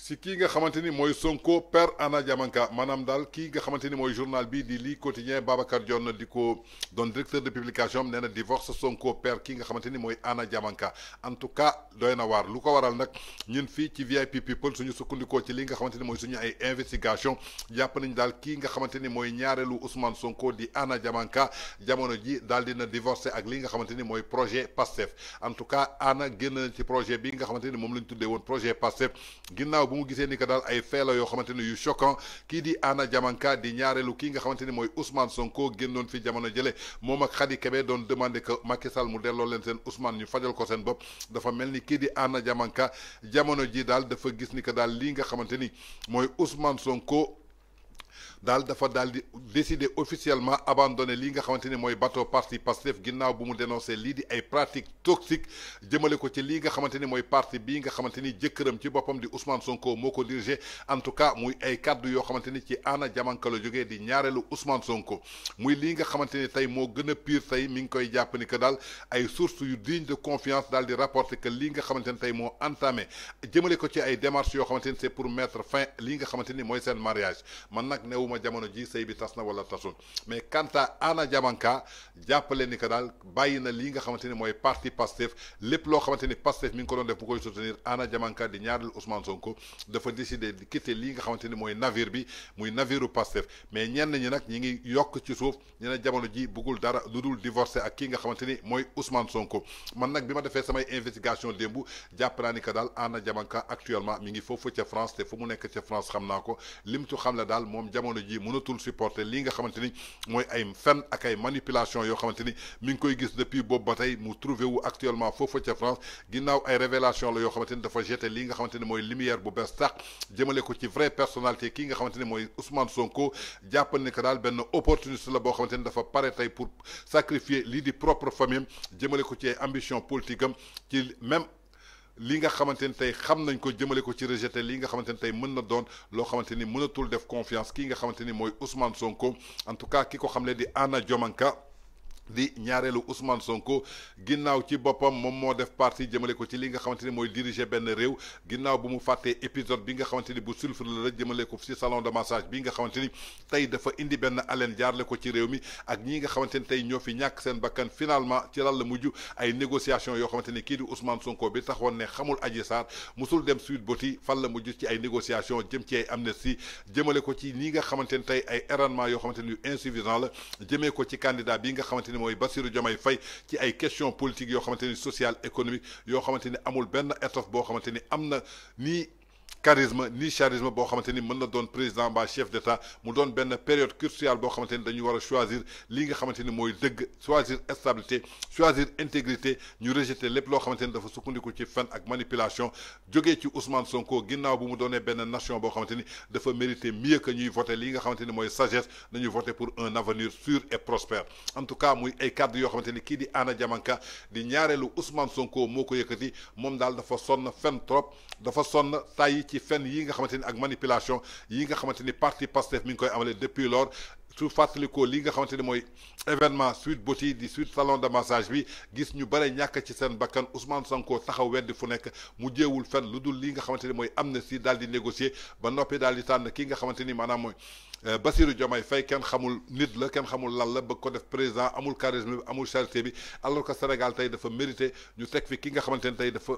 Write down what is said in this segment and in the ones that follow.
si kii nga xamante ni mooy Sonko père Anna Diamanka maanaam daal kii nga xamante ni mooy journal bii di lii quotidien Babacar Dione di ko doon directeur de publication am nee na divorce Sonko père kii nga xamante ni mooy Anna Diamanka en tout cas doy na waar lu ko waral nag ñun fii ci VIP people suñu sukkandikoo ci li nga xamante ni mooy suñu ay investigation jàpp nañ daal kii nga xamante ni mooy ñaareelu Ousmane Sonko di Anna jamanka jamono ji daal dina divorcé ak li nga xamante ni mooy projet PASTEF en tout cas Anna génn ci projet bi nga xamante ni moom la ñu tuddee woon projet PASTEF ginnaaw bu mu gisee ni que daal ay feela yoo xamante ne yu choquant kii di Anna Diamanka di ñaareelu kii nga xamante ni mooy usmaan Sonko génnoon fi jamono jële moom ak Khady Kébé doon demande que Macky Sall mu delloo leen seen Ousmane ñu fajal ko seen bopp dafa mel ni kii di Anna Diamanka jamono ji daal dafa gis ni que daal lii nga xamante ni mooy usmaan Sonko. dal dafa dal décider officiellement abandonner li nga xamanteni moy bateau parti Pastef ginnaw bu mu dénoncé lii di ay pratiques toxiques jëmele ko ci li nga xamanteni moy parti bi nga xamanteni jëkkeeram du ci bopam di Ousmane Sonko moko diriger en tout cas muy ay cadre yo xamanteni ci Anna Diamanka la jogé di ñaareelu Ousmane Sonko muy li nga xamanteni tay mo gëna pire tay mi ngi koy japp ni dal ay sources yu digne de confiance dal di rapporter que li nga xamanteni tay mo entamé jëmele ko ci ay démarches yo xamanteni c'est pour mettre fin li nga xamanteni moy mooy mariage man nag newuma jamono ji sey bi tasna wala tasul mais kanta Anna jamanka jàppale ni que daal bàyyi na nga xamanteni moy parti Pastef lepp lo xamanteni ni Pastef mi ngi ko don def bu koy soutenir Anna jamanka di ñaareel Ousmane Sonko dafa décider di quitter li nga xamanteni moy navire bi muy navire Pastef mais ñen ñi nak ñi ngi yok ci suuf ñena jamono ji bëggul dara lu divorcer divorcé ak ki nga xamanteni moy Ousmane Sonko man nak bima ma sama investigation dembu jappana ni ka dal ana jamanka actuellement mi ngi fofu ci France te fu mu nekk ci France xam lim ko limtu xam la dal moom moom jamono ji mënatul supporter li nga xamanteni moy ay manipulation yo xamanteni mi ngi koy gis depuis bob batay mu trouvé wu actuellement fofu ci France guinard ay révélation la yo xamanteni dafa jeté li nga xamanteni moy lumière bu bess tax jëmele ko ci vraie personnalité ki nga xamanteni moy Ousmane Sonko jàppal ni que dal ben opportuniste la bo xamanteni dafa paré tay pour sacrifier l'idée di propre famille jëmele ko ci ambition politique Qu'il ci même li nga xamante ne tey xam nañ ko jëmale ko ci rejeté li nga xamante ne tey mën na doon loo xamante ni mënatul def confiance kii nga xamante ni mooy Ousmane Sonko en tout cas ki ko xamle di Anna jomanka di ñaareelu Ousmane Sonko ginnaaw ci boppam moom moo def parti jëmale ko ci li nga xamante ni mooy diriger benn réew ginnaaw bu mu fàttee épisode bi nga xamante ni bu sulfure la jëmale ko ci salon de massage bi nga xamante ni tey dafa indi benn haleine jaarle ko ci réew mi ak ñi nga xamante ni tey ñoo fi ñàkk seen bakkan finalement ci lan la mujj ay négociations yoo xamante ni kii di Ousmane Sonko bi taxoon ne xamul Adji Sarr musul dem Sweet Beauty fan la mujj ci ay négociations jëm ci ay amnistie jëmale ko ci ñi nga xamante ni tey ay erranements yoo xamante ni yu la jëmee ko ci moy Bassirou jamay fay ci ay question politique yo xamanteni ni sociale économique yo xamanteni ni amul benn étoffe xamanteni amna ni charisme ni charisme bo xamanteni ni mën na doon président ba chef d'État, mu doon ben période cruciale bo xamanteni de dañu choisir li nga xamanteni moy deug choisir stabilité choisir intégrité ñu rejeter lepp lo xamanteni de dafa sukkandiku ci fin ak manipulation jógee ci Ousmane Sonko ginnaw bu mu donné ben nation bo xamanteni dafa mériter mieux que ñuy voter li nga xamanteni moy sagesse voter pour un avenir sûr et prospère en tout cas muy ay cadre yo xamanteni ki di Anna Diamanka di ñaarelu Ousmane Sonko moko yëkëti mom dal dafa sonn fen trop dafa sonn taille ci fenn yi nga xamante ak manipulation yi nga xamante ni parti Pastef mi ngi koy amale depuis lors su fàttalikoo li nga xamante ni événement suite beauty di suite salon de massage bi gis ñu bare ñàkk ci seen bakkan Ousmane Sonko taxaw weddi fu nekk mu jéewul fenn lu dul li nga xamante ni mooy amnistie daal di négocier ba noppi daal di tànn ki nga xamante ni maanaam mooy euh, Bassirou Diomaye Faye kenn xamul nit la kenn xamul lan la bëgg ko def président amul charisme amul charité bi alors que Sénégal tay dafa mérité ñu tek fi ki nga xamante tay dafa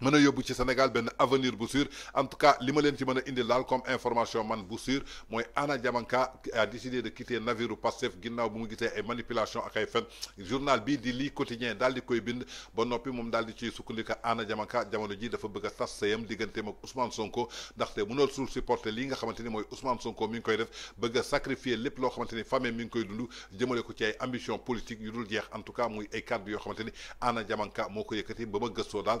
mën a ci Sénégal ben avenir bu sûr en tout cas li ma leen ci indi lal comme information man bu sûr Ana Anna Diamanka a décidé de quitter naviru passef ginnaw bu mu gisee ay manipulation ak ay fen journal bi di li quotidien dal di koy bind ba nopi mom dal di ci sukkandika Ana Jamanka jamono ji dafa bëgg a tas Ousmane Sonko ndaxte mënul suul supporter li nga xamanteni moy Ousmane Sonko mi ngi koy def bëgg sacrifier lepp lo xamanteni famé famille mi ngi koy dund jëmele ko ci ay ambition politique yu dul jeex en tout cas moy ay cadre yo xamanteni Ana Anna moko yëkëti ko ba